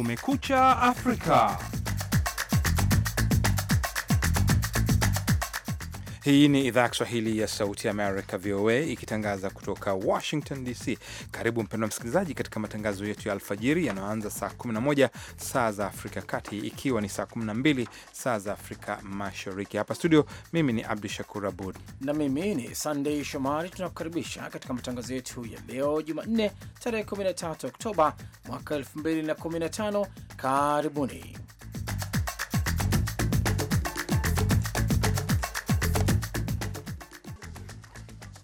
Kumekucha Afrika. Hii ni idhaa ya Kiswahili ya Sauti Amerika, VOA, ikitangaza kutoka Washington DC. Karibu mpendwa msikilizaji, katika matangazo yetu ya alfajiri yanayoanza saa 11 saa za Afrika Kati, ikiwa ni saa 12 saa za Afrika Mashariki. Hapa studio, mimi ni Abdu Shakur Abud na mimi ni Sandei Shomari. Tunakukaribisha katika matangazo yetu ya leo Jumanne, tarehe 13 Oktoba mwaka 2015. Karibuni.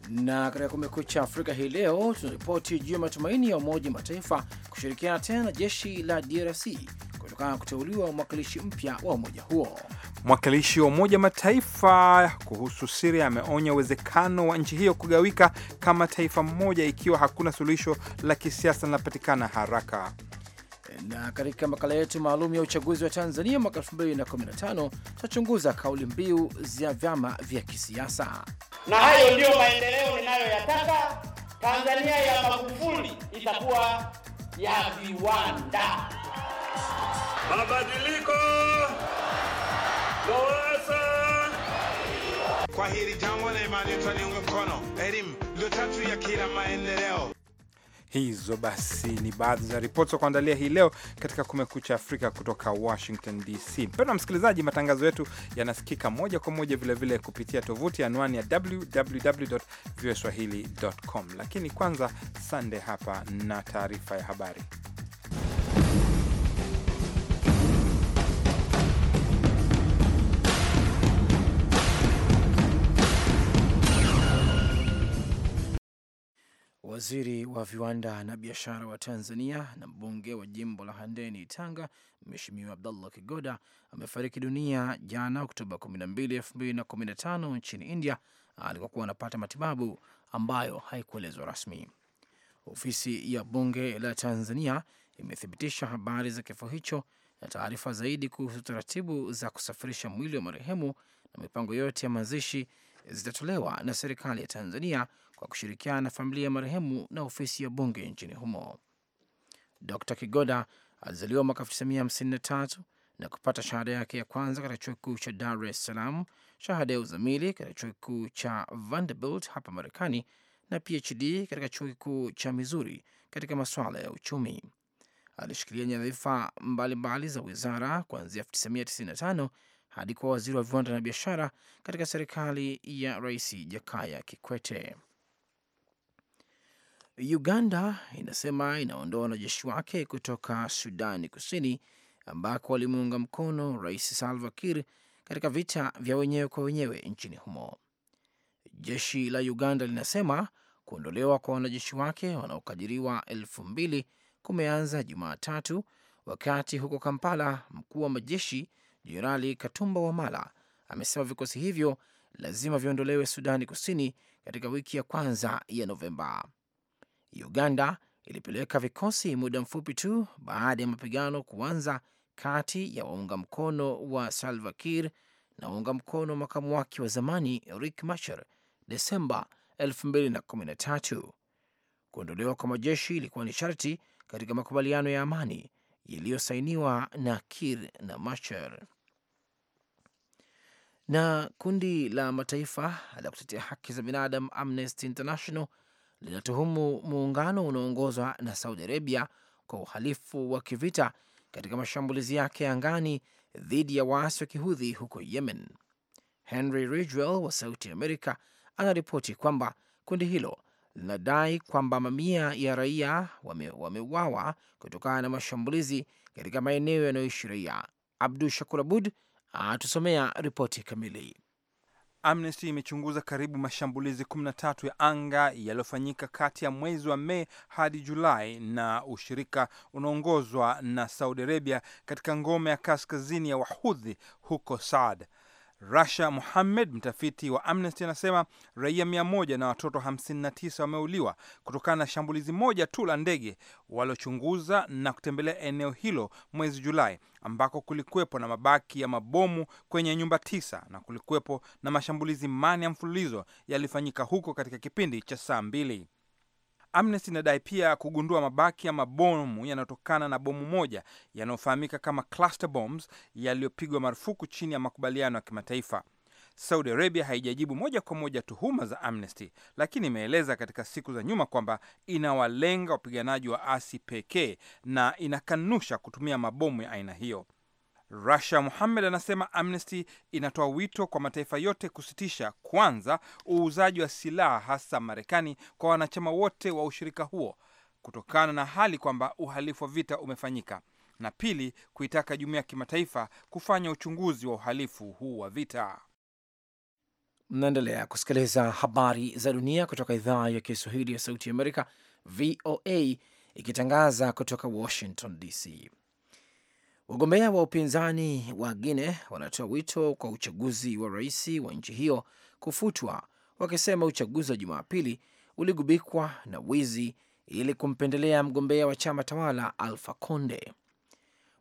Na katika Kumekucha Afrika hii leo tunaripoti juu ya matumaini ya Umoja Mataifa kushirikiana tena na jeshi la DRC kutokana na kuteuliwa mwakilishi mpya wa umoja huo. Mwakilishi wa Umoja Mataifa kuhusu Siria ameonya uwezekano wa nchi hiyo kugawika kama taifa mmoja ikiwa hakuna suluhisho la kisiasa linapatikana haraka na katika makala yetu maalum ya uchaguzi wa Tanzania mwaka 2015 tutachunguza kauli mbiu za vyama vya kisiasa. Na hayo ndiyo maendeleo ninayoyataka. Tanzania ya Magufuli itakuwa ya viwanda, mabadiliko Lowassa. Kwa hili jambo na imani niunge mkono elimu ndio tatu ya kila maendeleo hizo basi ni baadhi za ripoti za kuandalia hii leo katika Kumekucha Afrika kutoka Washington DC. Mpendwa msikilizaji, matangazo yetu yanasikika moja kwa moja vilevile kupitia tovuti anwani ya www www.voaswahili.com, lakini kwanza Sande hapa na taarifa ya habari. Waziri wa viwanda na biashara wa Tanzania na mbunge wa jimbo la Handeni, Tanga, Mheshimiwa Abdullah Kigoda amefariki dunia jana Oktoba 12, 2015 nchini India alikokuwa anapata matibabu ambayo haikuelezwa rasmi. Ofisi ya bunge la Tanzania imethibitisha habari za kifo hicho na taarifa zaidi kuhusu taratibu za kusafirisha mwili wa marehemu na mipango yote ya mazishi zitatolewa na serikali ya Tanzania kwa kushirikiana na familia ya marehemu na ofisi ya bunge nchini humo. Dr Kigoda alizaliwa mwaka 1953 na kupata shahada yake ya kwanza katika chuo kikuu cha Dar es Salaam, shahada ya uzamili katika chuo kikuu cha Vanderbilt hapa Marekani na PhD katika chuo kikuu cha mizuri katika masuala ya uchumi. Alishikilia nyadhifa mbalimbali za wizara kuanzia 1995 hadi kuwa waziri wa viwanda na biashara katika serikali ya Rais Jakaya Kikwete. Uganda inasema inaondoa wanajeshi wake kutoka Sudani Kusini ambako walimuunga mkono Rais Salva Kiir katika vita vya wenyewe kwa wenyewe nchini humo. Jeshi la Uganda linasema kuondolewa kwa wanajeshi wake wanaokadiriwa elfu mbili kumeanza Jumatatu, wakati huko Kampala mkuu wa majeshi Jenerali Katumba Wamala amesema vikosi hivyo lazima viondolewe Sudani Kusini katika wiki ya kwanza ya Novemba. Uganda ilipeleka vikosi muda mfupi tu baada ya mapigano kuanza kati ya waunga mkono wa Salva Kiir na waunga mkono makamu wake wa zamani rick Machar Desemba 2013. Kuondolewa kwa majeshi ilikuwa ni sharti katika makubaliano ya amani yaliyosainiwa na Kiir na Machar. Na kundi la mataifa la kutetea haki za binadamu Amnesty International linatuhumu muungano unaoongozwa na Saudi Arabia kwa uhalifu wa kivita katika mashambulizi yake angani dhidi ya waasi wa kihudhi huko Yemen. Henry Ridgwell wa Sauti Amerika anaripoti kwamba kundi hilo linadai kwamba mamia ya raia wameuawa wame kutokana na mashambulizi katika maeneo yanayoishi raia. Abdu Shakur Abud atusomea ripoti kamili. Amnesty imechunguza karibu mashambulizi 13 ya anga yaliyofanyika kati ya mwezi wa Mei hadi Julai na ushirika unaongozwa na Saudi Arabia katika ngome ya kaskazini ya Wahudhi huko Saad. Rasha Muhammed, mtafiti wa Amnesty, anasema raia mia moja na watoto 59 wameuliwa kutokana na shambulizi moja tu la ndege waliochunguza na kutembelea eneo hilo mwezi Julai, ambako kulikuwepo na mabaki ya mabomu kwenye nyumba tisa na kulikuwepo na mashambulizi mane ya mfululizo yalifanyika huko katika kipindi cha saa mbili. Amnesty inadai pia kugundua mabaki ya mabomu yanayotokana na bomu moja yanayofahamika kama cluster bombs yaliyopigwa marufuku chini ya makubaliano ya kimataifa. Saudi Arabia haijajibu moja kwa moja tuhuma za Amnesty, lakini imeeleza katika siku za nyuma kwamba inawalenga wapiganaji wa asi pekee na inakanusha kutumia mabomu ya aina hiyo. Russia Muhamed anasema Amnesty inatoa wito kwa mataifa yote kusitisha kwanza uuzaji wa silaha hasa Marekani kwa wanachama wote wa ushirika huo kutokana na hali kwamba uhalifu wa vita umefanyika, na pili, kuitaka jumuiya ya kimataifa kufanya uchunguzi wa uhalifu huu wa vita. Mnaendelea kusikiliza habari za dunia kutoka idhaa ya Kiswahili ya Sauti ya Amerika, VOA, ikitangaza kutoka Washington DC. Wagombea wa upinzani wa Guine wanatoa wito kwa uchaguzi wa rais wa nchi hiyo kufutwa, wakisema uchaguzi wa Jumapili uligubikwa na wizi ili kumpendelea mgombea wa chama tawala alfa Conde.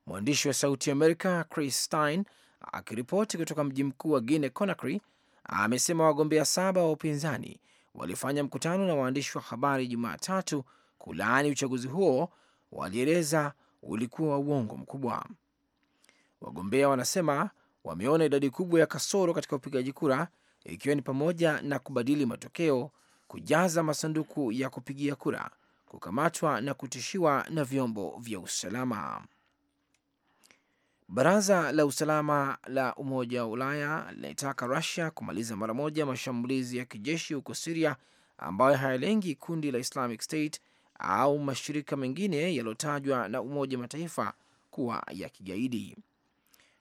Mwandishi wa Sauti Amerika Chris Stein akiripoti kutoka mji mkuu wa Guine Conakry amesema wagombea saba wa upinzani walifanya mkutano na waandishi wa habari Jumatatu kulaani uchaguzi huo. Walieleza ulikuwa wa uongo mkubwa. Wagombea wanasema wameona idadi kubwa ya kasoro katika upigaji kura, ikiwa ni pamoja na kubadili matokeo, kujaza masanduku ya kupigia kura, kukamatwa na kutishiwa na vyombo vya usalama. Baraza la usalama la Umoja wa Ulaya linaitaka Rusia kumaliza mara moja mashambulizi ya kijeshi huko Siria ambayo hayalengi kundi la Islamic State au mashirika mengine yaliyotajwa na Umoja wa Mataifa kuwa ya kigaidi.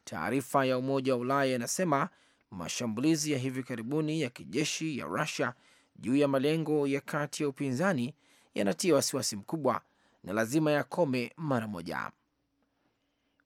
Taarifa ya Umoja wa Ulaya inasema mashambulizi ya hivi karibuni ya kijeshi ya Rusia juu ya malengo ya kati ya upinzani yanatia wasiwasi mkubwa na lazima yakome mara moja.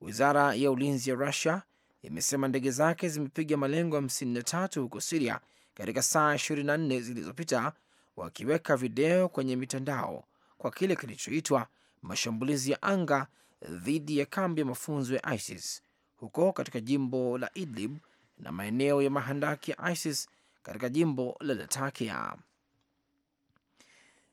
Wizara ya ulinzi ya Rusia imesema ndege zake zimepiga malengo 53 huko Siria katika saa 24 zilizopita, wakiweka video kwenye mitandao kwa kile kilichoitwa mashambulizi ya anga dhidi ya kambi ya mafunzo ya ISIS huko katika jimbo la Idlib na maeneo ya mahandaki ya ISIS katika jimbo la Latakia.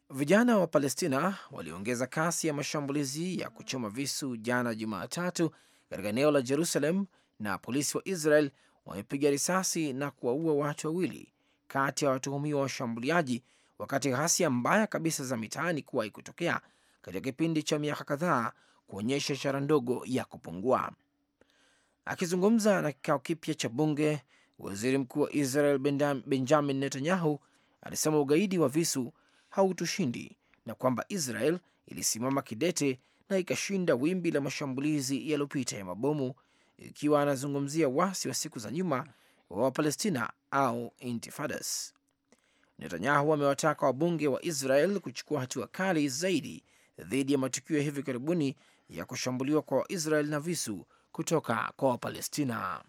Vijana wa Palestina waliongeza kasi ya mashambulizi ya kuchoma visu jana Jumatatu katika eneo la Jerusalem, na polisi wa Israel wamepiga risasi na kuwaua watu wawili kati ya watuhumiwa washambuliaji wakati ghasia mbaya kabisa za mitaani kuwahi kutokea katika kipindi cha miaka kadhaa kuonyesha ishara ndogo ya kupungua. Akizungumza na kikao kipya cha bunge, waziri mkuu wa Israel Benjamin Netanyahu alisema ugaidi wa visu hautushindi na kwamba Israel ilisimama kidete na ikashinda wimbi la mashambulizi yaliyopita ya mabomu, ikiwa anazungumzia wasi wa siku za nyuma wa Wapalestina au intifadas. Netanyahu amewataka wabunge wa Israel kuchukua hatua kali zaidi dhidi ya matukio ya hivi karibuni ya kushambuliwa kwa Waisrael na visu kutoka kwa Wapalestina.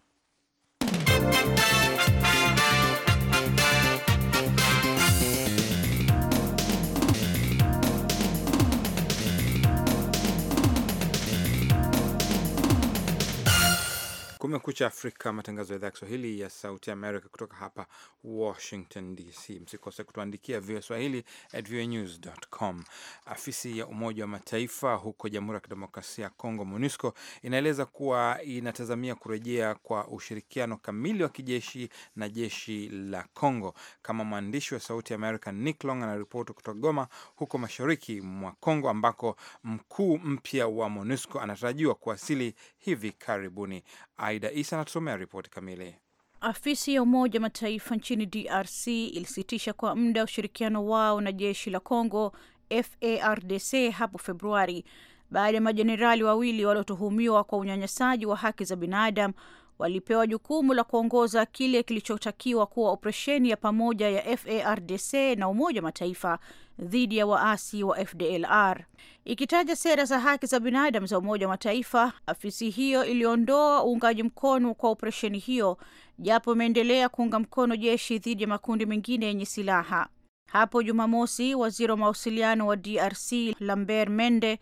Kumekucha Afrika, matangazo ya idhaa ya Kiswahili ya Sauti Amerika kutoka hapa Washington DC. Msikose kutuandikia VOA Swahili at voanews.com. Afisi ya Umoja wa Mataifa huko Jamhuri ya Kidemokrasia ya Kongo, MONUSCO, inaeleza kuwa inatazamia kurejea kwa ushirikiano kamili wa kijeshi na jeshi la Kongo, kama mwandishi wa Sauti Amerika Nick Long anaripoti kutoka Goma huko mashariki mwa Kongo, ambako mkuu mpya wa MONUSCO anatarajiwa kuwasili hivi karibuni. Aida Isa anatusomea ripoti kamili. Afisi ya Umoja wa Mataifa nchini DRC ilisitisha kwa muda ushirikiano wao na jeshi la Congo FARDC hapo Februari baada ya majenerali wawili waliotuhumiwa kwa unyanyasaji wa haki za binadamu walipewa jukumu la kuongoza kile kilichotakiwa kuwa operesheni ya pamoja ya FARDC na Umoja wa Mataifa dhidi ya waasi wa FDLR. Ikitaja sera za haki za binadamu za Umoja wa Mataifa, afisi hiyo iliondoa uungaji mkono kwa operesheni hiyo, japo imeendelea kuunga mkono jeshi dhidi ya makundi mengine yenye silaha. Hapo Jumamosi, waziri wa mawasiliano wa DRC Lambert Mende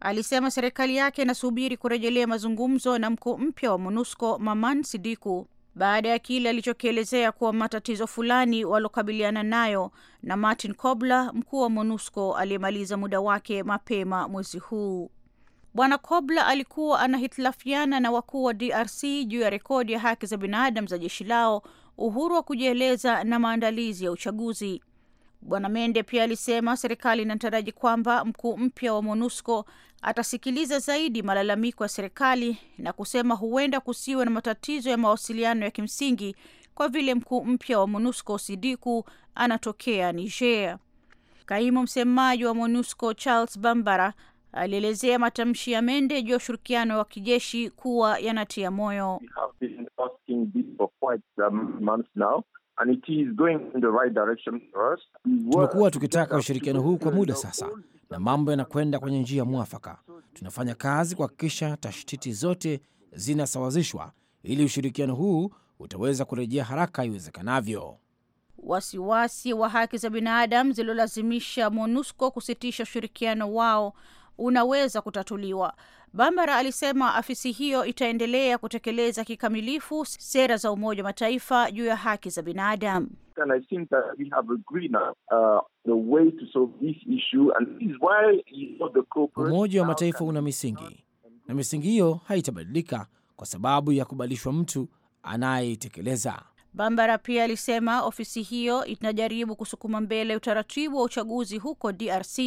alisema serikali yake inasubiri kurejelea mazungumzo na mkuu mpya wa MONUSCO Maman Sidiku baada ya kile alichokielezea kuwa matatizo fulani walokabiliana nayo na Martin Kobler, mkuu wa MONUSCO aliyemaliza muda wake mapema mwezi huu. Bwana Kobler alikuwa anahitilafiana na wakuu wa DRC juu ya rekodi ya haki za binadamu za jeshi lao, uhuru wa kujieleza na maandalizi ya uchaguzi. Bwana Mende pia alisema serikali inataraji kwamba mkuu mpya wa MONUSCO atasikiliza zaidi malalamiko ya serikali na kusema huenda kusiwe na matatizo ya mawasiliano ya kimsingi kwa vile mkuu mpya wa MONUSCO Sidiku anatokea Niger. Kaimu msemaji wa MONUSCO Charles Bambara alielezea matamshi ya Mende juu ya ushirikiano wa kijeshi kuwa yanatia moyo. Tumekuwa tukitaka ushirikiano huu kwa muda sasa, na mambo yanakwenda kwenye njia mwafaka. Tunafanya kazi kuhakikisha tashtiti zote zinasawazishwa ili ushirikiano huu utaweza kurejea haraka iwezekanavyo. Wasiwasi wa haki za binadamu zililolazimisha MONUSCO kusitisha ushirikiano wao unaweza kutatuliwa Bambara alisema afisi hiyo itaendelea kutekeleza kikamilifu sera za Umoja wa Mataifa juu ya haki za binadamu. Uh, Umoja wa Mataifa una misingi na misingi hiyo haitabadilika kwa sababu ya kubalishwa mtu anayeitekeleza. Bambara pia alisema ofisi hiyo inajaribu kusukuma mbele utaratibu wa uchaguzi huko DRC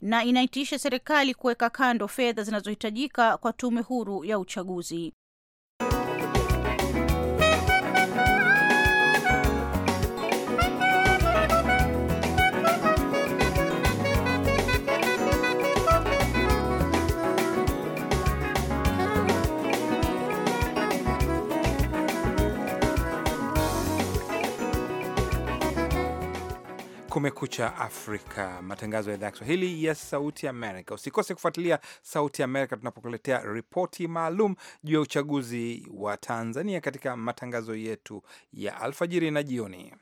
na inaitisha serikali kuweka kando fedha zinazohitajika kwa tume huru ya uchaguzi. Kumekucha Afrika, matangazo ya idhaa ya Kiswahili ya Sauti Amerika. Usikose kufuatilia Sauti Amerika tunapokuletea ripoti maalum juu ya uchaguzi wa Tanzania katika matangazo yetu ya alfajiri na jioni.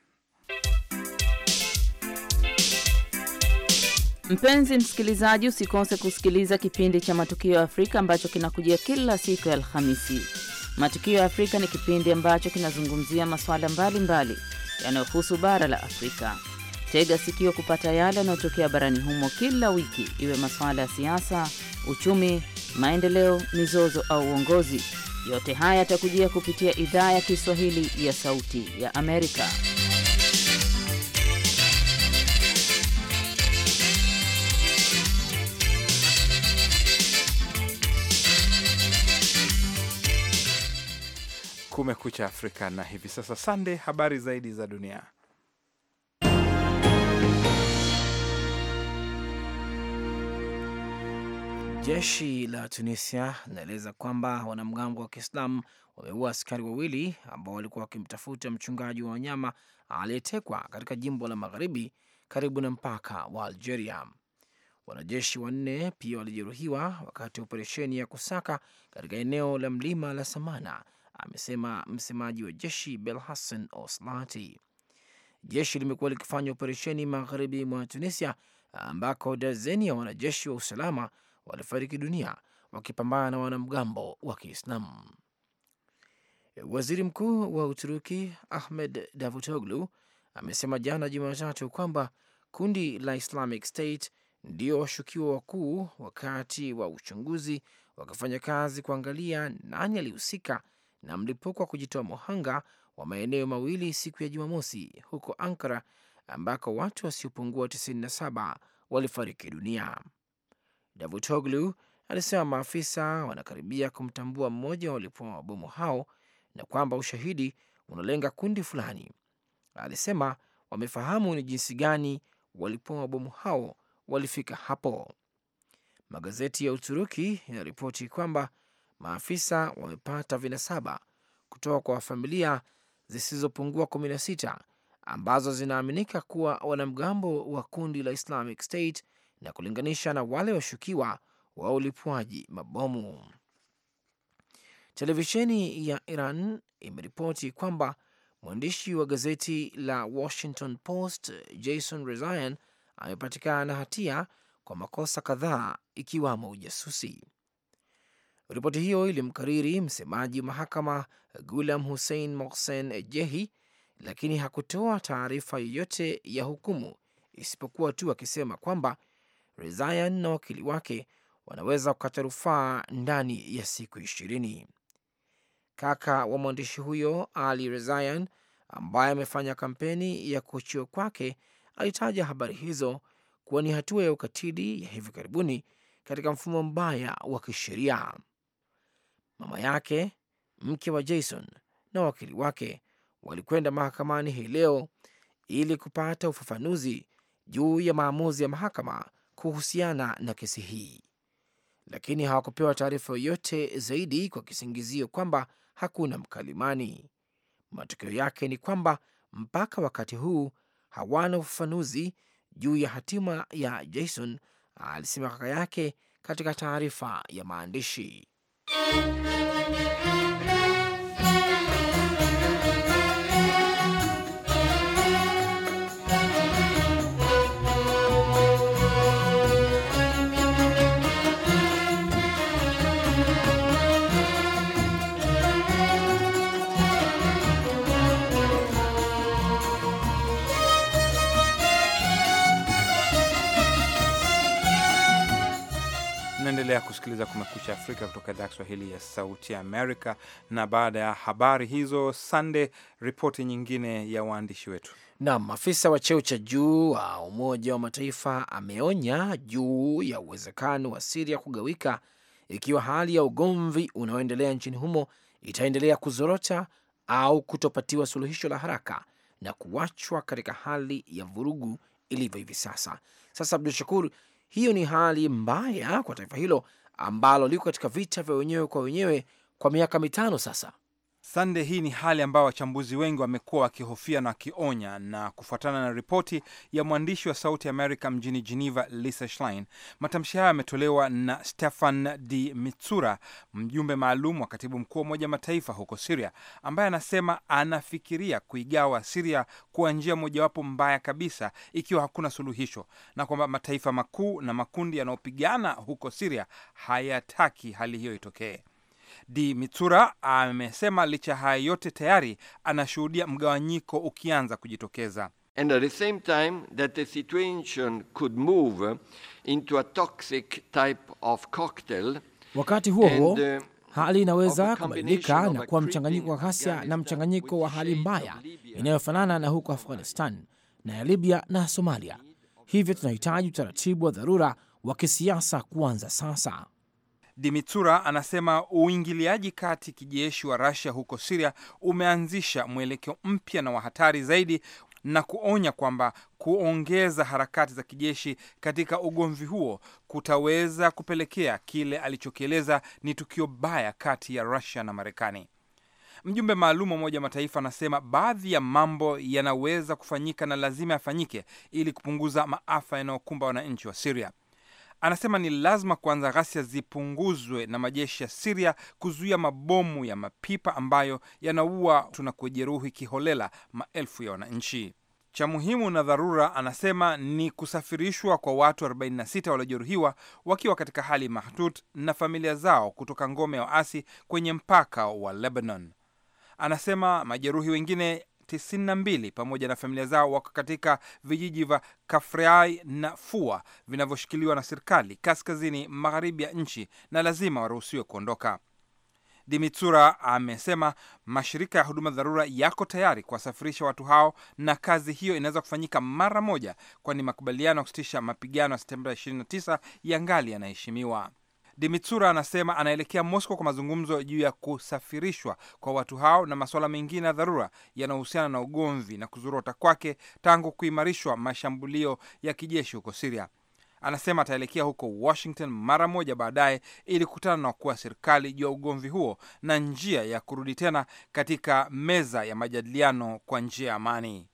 Mpenzi msikilizaji, usikose kusikiliza kipindi cha Matukio ya Afrika ambacho kinakujia kila siku ya Alhamisi. Matukio ya Afrika ni kipindi ambacho kinazungumzia masuala mbalimbali yanayohusu bara la Afrika. Tega sikio kupata yale yanayotokea barani humo kila wiki, iwe masuala ya siasa, uchumi, maendeleo, mizozo au uongozi. Yote haya yatakujia kupitia idhaa ya Kiswahili ya Sauti ya Amerika. Kumekucha Afrika na hivi sasa, Sande, habari zaidi za dunia. Jeshi la Tunisia linaeleza kwamba wanamgambo wa Kiislamu wameua askari wawili ambao walikuwa wakimtafuta mchungaji wa wanyama aliyetekwa katika jimbo la magharibi karibu na mpaka wa Algeria. Wanajeshi wanne pia walijeruhiwa wakati wa operesheni ya kusaka katika eneo la mlima la Samana, amesema msemaji wa jeshi bel hassan Oslati. Jeshi limekuwa likifanya operesheni magharibi mwa Tunisia ambako dazeni ya wanajeshi wa usalama walifariki dunia wakipambana na wanamgambo wa Kiislamu. Waziri Mkuu wa Uturuki Ahmed Davutoglu amesema jana Jumatatu kwamba kundi la Islamic State ndio washukiwa wakuu wakati wa uchunguzi wakifanya kazi kuangalia nani alihusika na mlipuko wa kujitoa muhanga wa maeneo mawili siku ya Jumamosi huko Ankara ambako watu wasiopungua 97 walifariki dunia. Davutoglu alisema maafisa wanakaribia kumtambua mmoja wa walipoa mabomu hao na kwamba ushahidi unalenga kundi fulani. Alisema wamefahamu ni jinsi gani walipoa mabomu hao walifika hapo. Magazeti ya Uturuki yanaripoti kwamba maafisa wamepata vinasaba kutoka kwa familia zisizopungua 16 ambazo zinaaminika kuwa wanamgambo wa kundi la Islamic State na kulinganisha na wale washukiwa wa ulipwaji mabomu. Televisheni ya Iran imeripoti kwamba mwandishi wa gazeti la Washington Post Jason Rezaian amepatikana na hatia kwa makosa kadhaa ikiwamo ujasusi. Ripoti hiyo ilimkariri msemaji wa mahakama Gulam Hussein Mohsen Jehi, lakini hakutoa taarifa yoyote ya hukumu isipokuwa tu akisema kwamba Rezaian na wakili wake wanaweza kukata rufaa ndani ya siku ishirini. Kaka wa mwandishi huyo Ali Rezayan, ambaye amefanya kampeni ya kuachiwa kwake, alitaja habari hizo kuwa ni hatua ya ukatili ya hivi karibuni katika mfumo mbaya wa kisheria. Mama yake, mke wa Jason na wakili wake walikwenda mahakamani hii leo ili kupata ufafanuzi juu ya maamuzi ya mahakama kuhusiana na kesi hii, lakini hawakupewa taarifa yoyote zaidi kwa kisingizio kwamba hakuna mkalimani. Matokeo yake ni kwamba mpaka wakati huu hawana ufafanuzi juu ya hatima ya Jason, alisema kaka yake katika taarifa ya maandishi. Unaendelea kusikiliza Kumekucha Afrika kutoka idhaa Kiswahili ya Sauti ya Amerika. Na baada ya habari hizo, Sande, ripoti nyingine ya waandishi wetu. Naam, afisa wa cheo cha juu wa Umoja wa Mataifa ameonya juu ya uwezekano wa Siria kugawika ikiwa hali ya ugomvi unaoendelea nchini humo itaendelea kuzorota au kutopatiwa suluhisho la haraka na kuachwa katika hali ya vurugu ilivyo hivi sasa. Sasa Abdul Shakur, hiyo ni hali mbaya kwa taifa hilo ambalo liko katika vita vya wenyewe kwa wenyewe kwa miaka mitano sasa. Sande, hii ni hali ambayo wachambuzi wengi wamekuwa wakihofia na wakionya. Na kufuatana na ripoti ya mwandishi wa Sauti Amerika mjini Geneva, Lisa Schlein, matamshi hayo yametolewa na Stefan de Mitsura, mjumbe maalum wa katibu mkuu wa Umoja Mataifa huko Siria, ambaye anasema anafikiria kuigawa Siria kuwa njia mojawapo mbaya kabisa ikiwa hakuna suluhisho, na kwamba mataifa makuu na makundi yanayopigana huko Siria hayataki hali hiyo itokee. Di Mitsura amesema licha ya haya yote tayari anashuhudia mgawanyiko ukianza kujitokeza. And at the same time that the situation could move into a toxic type of cocktail. Wakati huo huo uh, hali inaweza kubadilika na kuwa mchanganyiko wa ghasia na mchanganyiko wa hali mbaya inayofanana na huko Afghanistan na ya Libya na Somalia. Hivyo tunahitaji utaratibu wa dharura wa kisiasa kuanza sasa. Dimitsura anasema uingiliaji kati kijeshi wa Russia huko Siria umeanzisha mwelekeo mpya na wa hatari zaidi na kuonya kwamba kuongeza harakati za kijeshi katika ugomvi huo kutaweza kupelekea kile alichokieleza ni tukio baya kati ya Russia na Marekani. Mjumbe maalum wa Umoja Mataifa anasema baadhi ya mambo yanaweza kufanyika na lazima yafanyike ili kupunguza maafa yanayokumba wananchi wa Siria. Anasema ni lazima kwanza ghasia zipunguzwe na majeshi ya Siria kuzuia mabomu ya mapipa ambayo yanaua tuna kujeruhi kiholela maelfu ya wananchi. Cha muhimu na dharura, anasema ni kusafirishwa kwa watu 46 waliojeruhiwa wakiwa katika hali mahututi na familia zao kutoka ngome ya waasi kwenye mpaka wa Lebanon. Anasema majeruhi wengine 92 pamoja na familia zao wako katika vijiji vya Kafreai na Fua vinavyoshikiliwa na serikali kaskazini magharibi ya nchi na lazima waruhusiwe kuondoka. Dimitsura amesema mashirika ya huduma dharura yako tayari kuwasafirisha watu hao na kazi hiyo inaweza kufanyika mara moja, kwani makubaliano ya kusitisha mapigano ya Septemba 29 yangali yanaheshimiwa. Dimitsura anasema anaelekea Moscow kwa mazungumzo juu ya kusafirishwa kwa watu hao na masuala mengine ya dharura yanayohusiana na ugomvi na kuzorota kwake tangu kuimarishwa mashambulio ya kijeshi huko Siria. Anasema ataelekea huko Washington mara moja baadaye ili kukutana na wakuu wa serikali juu ya ugomvi huo na njia ya kurudi tena katika meza ya majadiliano kwa njia ya amani.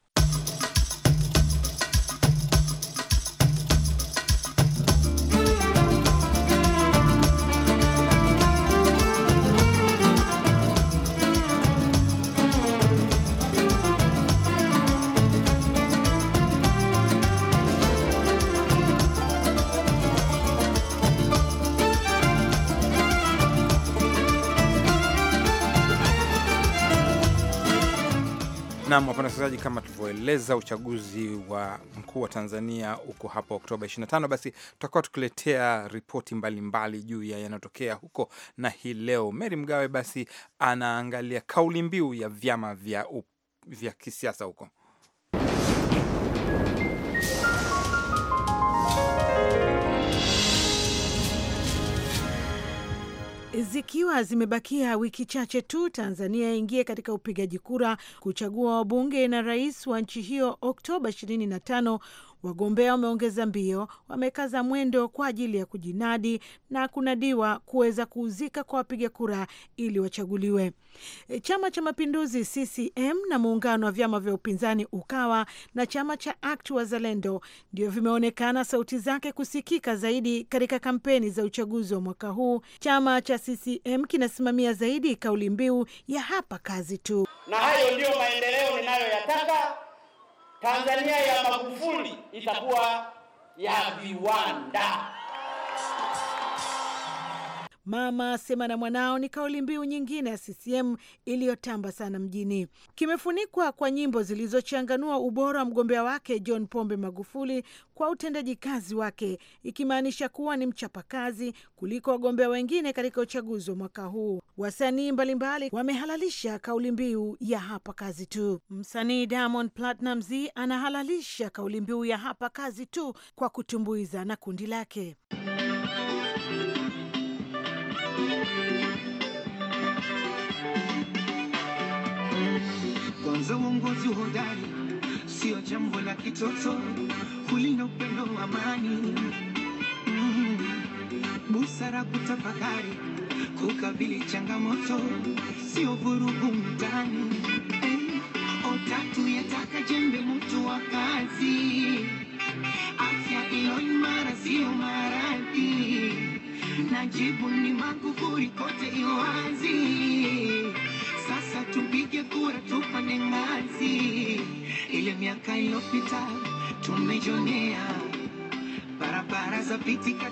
Nam, wapenda wasikilizaji, kama tulivyoeleza, uchaguzi wa mkuu wa Tanzania uko hapo Oktoba 25. Basi tutakuwa tukiletea ripoti mbalimbali juu ya yanayotokea huko, na hii leo Meri Mgawe basi anaangalia kauli mbiu ya vyama vya, vya kisiasa huko. Zikiwa zimebakia wiki chache tu Tanzania ingie katika upigaji kura kuchagua wabunge na rais wa nchi hiyo Oktoba 25 Wagombea wameongeza mbio, wamekaza mwendo kwa ajili ya kujinadi na kunadiwa kuweza kuuzika kwa wapiga kura ili wachaguliwe. E, chama cha Mapinduzi CCM na muungano wa vyama vya upinzani Ukawa na chama cha ACT Wazalendo ndio vimeonekana sauti zake kusikika zaidi katika kampeni za uchaguzi wa mwaka huu. Chama cha CCM kinasimamia zaidi kauli mbiu ya hapa kazi tu, na hayo ndiyo maendeleo ninayoyataka Tanzania ya Magufuli itakuwa ya viwanda. Mama sema na mwanao ni kauli mbiu nyingine ya CCM iliyotamba sana mjini. Kimefunikwa kwa nyimbo zilizochanganua ubora wa mgombea wake John Pombe Magufuli kwa utendaji kazi wake, ikimaanisha kuwa ni mchapakazi kuliko wagombea wengine katika uchaguzi wa mwaka huu. Wasanii mbalimbali wamehalalisha kauli mbiu ya hapa kazi tu. Msanii Diamond Platnumz anahalalisha kauli mbiu ya hapa kazi tu kwa kutumbuiza na kundi lake za uongozi hodari sio jambo la kitoto, hulina upendo amani, mm. busara kutafakari, kukabili changamoto sio vurugu mtani eh, Otatu yataka jembe mtu wa kazi, afya ilo imara sio maradhi, na jibu ni makufuri kote iwazi tupige kura tufanye ngazi Ile miaka iliyopita tumejonea barabara za pitika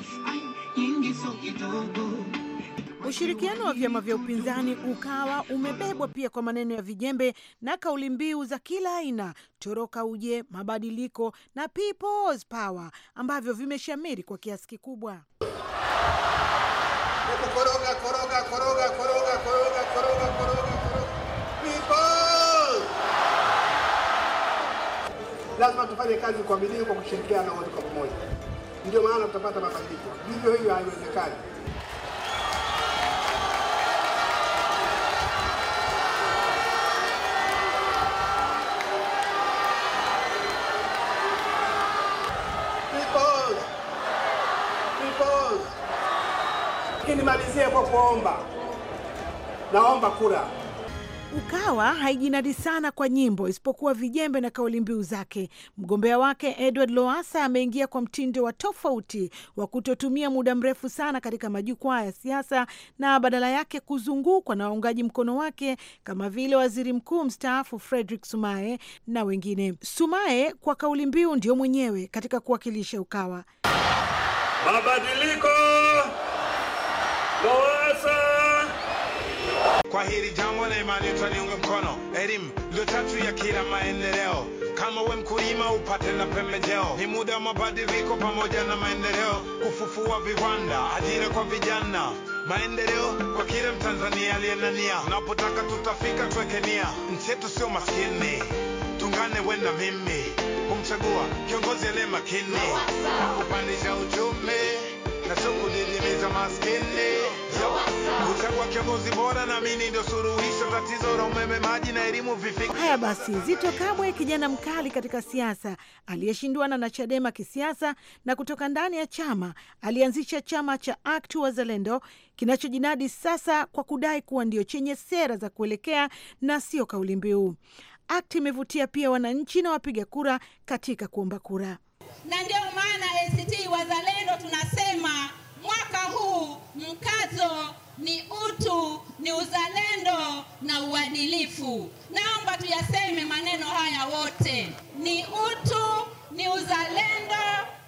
nyingi, so kidogo. Ushirikiano wa vyama vya upinzani ukawa umebebwa pia kwa maneno ya vijembe na kauli mbiu za kila aina, toroka uje, mabadiliko na people's power, ambavyo vimeshamiri kwa kiasi kikubwa. Koroga, koroga, koroga, koroga. lazima tufanye kazi kwa bidii, kwa kushirikiana wote kwa pamoja, ndio maana tutapata mabadiliko. Hivyo hivyo haiwezekani. Nimalizie kwa kuomba, naomba kura. UKAWA haijinadi sana kwa nyimbo isipokuwa vijembe na kauli mbiu zake. Mgombea wake Edward loasa ameingia kwa mtindo wa tofauti wa kutotumia muda mrefu sana katika majukwaa ya siasa na badala yake kuzungukwa na waungaji mkono wake kama vile waziri mkuu mstaafu Frederick Sumaye na wengine. Sumaye kwa kauli mbiu ndio mwenyewe katika kuwakilisha UKAWA mabadiliko Kwa hili jambo na imani utaniunga mkono, elimu ndio chachu ya kila maendeleo. Kama we mkulima upate na pembejeo, ni muda wa mabadiliko pamoja na maendeleo, kufufua viwanda, ajira kwa vijana, maendeleo kwa kila Mtanzania aliyenania. Unapotaka tutafika, twekenia nia, nchi yetu sio maskini. Tungane we na mimi kumchagua kiongozi aliye makini, kupandisha uchumi na sio maskini kuchagua kiongozi bora, na mimi ndio suluhisho tatizo la umeme, maji na elimu vifike. Haya basi, Zito Kabwe, kijana mkali katika siasa aliyeshindwana na Chadema kisiasa na kutoka ndani ya chama, alianzisha chama cha ACT Wazalendo kinachojinadi sasa kwa kudai kuwa ndio chenye sera za kuelekea na sio kauli mbiu. ACT imevutia pia wananchi na wapiga kura katika kuomba kura, na ndio maana ACT Wazalendo tuna huu mkazo ni utu, ni uzalendo na uadilifu. Naomba tuyaseme maneno haya wote: ni utu, ni uzalendo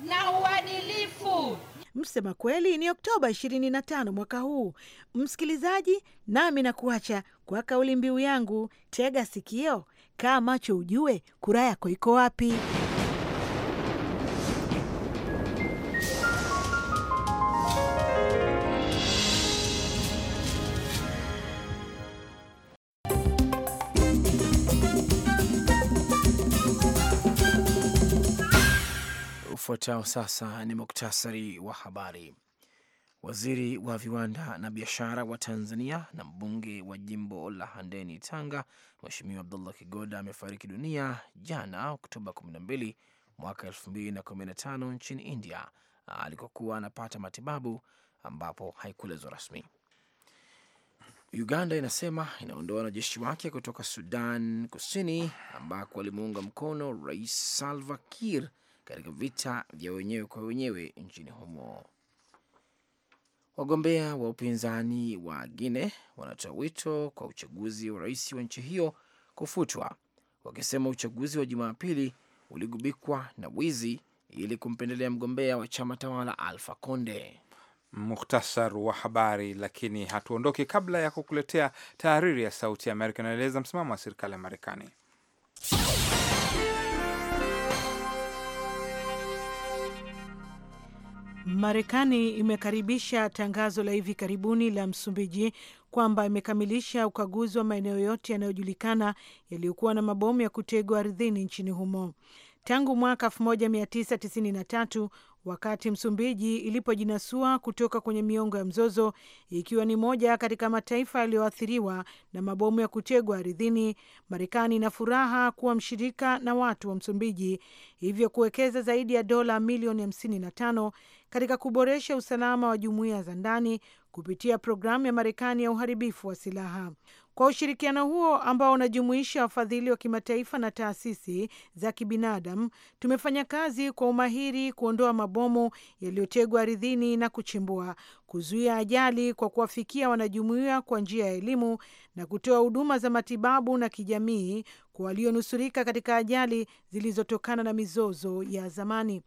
na uadilifu. Msema Kweli ni Oktoba 25 mwaka huu. Msikilizaji, nami na kuacha kwa kauli mbiu yangu, tega sikio, kaa macho, ujue kura yako iko wapi. Ufuatao sasa ni muktasari wa habari. Waziri wa viwanda na biashara wa Tanzania na mbunge wa jimbo la Handeni, Tanga, Mheshimiwa Abdullah Kigoda amefariki dunia jana Oktoba 12 mwaka 2015 nchini India alikokuwa anapata matibabu, ambapo haikuelezwa rasmi. Uganda inasema inaondoa wanajeshi wake kutoka Sudan Kusini ambako walimuunga mkono Rais Salva Kiir katika vita vya wenyewe kwa wenyewe nchini humo. Wagombea wa upinzani wa Guine wanatoa wito kwa uchaguzi wa rais wa nchi hiyo kufutwa, wakisema uchaguzi wa Jumapili uligubikwa na wizi ili kumpendelea mgombea wa chama tawala Alfa Conde. Muhtasar wa habari. Lakini hatuondoki kabla ya kukuletea tahariri ya Sauti ya Amerika inaeleza msimamo wa serikali ya Marekani. Marekani imekaribisha tangazo la hivi karibuni la Msumbiji kwamba imekamilisha ukaguzi wa maeneo yote yanayojulikana yaliyokuwa na mabomu ya kutegwa ardhini nchini humo. Tangu mwaka 1993 wakati Msumbiji ilipojinasua kutoka kwenye miongo ya mzozo, ikiwa ni moja katika mataifa yaliyoathiriwa na mabomu ya kutegwa ardhini. Marekani ina furaha kuwa mshirika na watu wa Msumbiji, hivyo kuwekeza zaidi ya dola milioni 55 katika kuboresha usalama wa jumuiya za ndani kupitia programu ya Marekani ya uharibifu wa silaha. Kwa ushirikiano huo ambao unajumuisha wafadhili wa kimataifa na taasisi za kibinadamu, tumefanya kazi kwa umahiri kuondoa mabomu yaliyotegwa ardhini na kuchimbua, kuzuia ajali kwa kuwafikia wanajumuia kwa njia ya elimu na kutoa huduma za matibabu na kijamii kwa walionusurika katika ajali zilizotokana na mizozo ya zamani.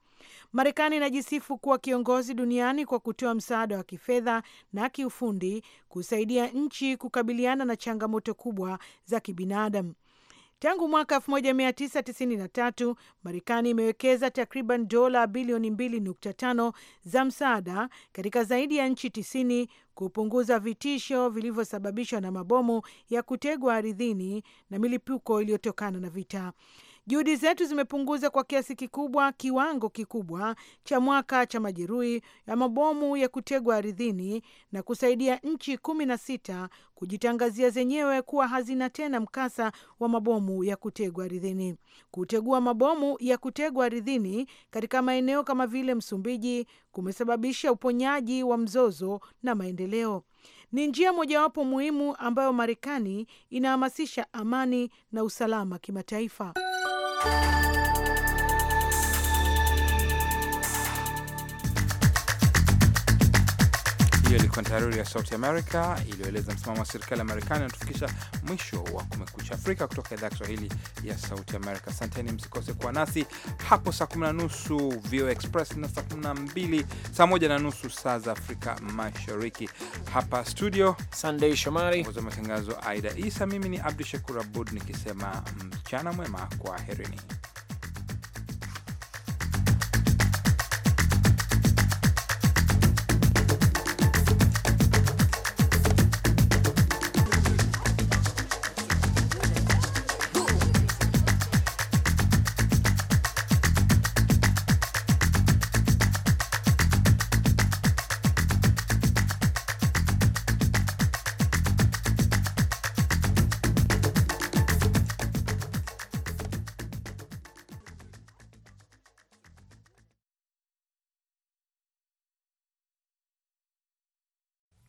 Marekani inajisifu kuwa kiongozi duniani kwa kutoa msaada wa kifedha na kiufundi kusaidia nchi kukabiliana na changamoto kubwa za kibinadamu. Tangu mwaka 1993 Marekani imewekeza takriban dola bilioni 2.5 za msaada katika zaidi ya nchi 90 kupunguza vitisho vilivyosababishwa na mabomu ya kutegwa ardhini na milipuko iliyotokana na vita. Juhudi zetu zimepunguza kwa kiasi kikubwa kiwango kikubwa cha mwaka cha majeruhi ya mabomu ya kutegwa ardhini na kusaidia nchi kumi na sita kujitangazia zenyewe kuwa hazina tena mkasa wa mabomu ya kutegwa ardhini. Kutegua mabomu ya kutegwa ardhini katika maeneo kama vile Msumbiji kumesababisha uponyaji wa mzozo na maendeleo. Ni njia mojawapo muhimu ambayo Marekani inahamasisha amani na usalama kimataifa. Música Hiyo ilikuwa ni tahariri ya Sauti Amerika iliyoeleza msimamo wa serikali ya Marekani. Anatufikisha mwisho wa Kumekucha Afrika kutoka idhaa ya Kiswahili ya Sauti Amerika. Asanteni, msikose kuwa nasi hapo saa kumi na nusu VOA Express na saa kumi na mbili saa moja na nusu saa za Afrika Mashariki. Hapa studio Sandei Shomari za matangazo, Aida Isa, mimi ni Abdu Shakur Abud nikisema mchana mwema, kwa herini.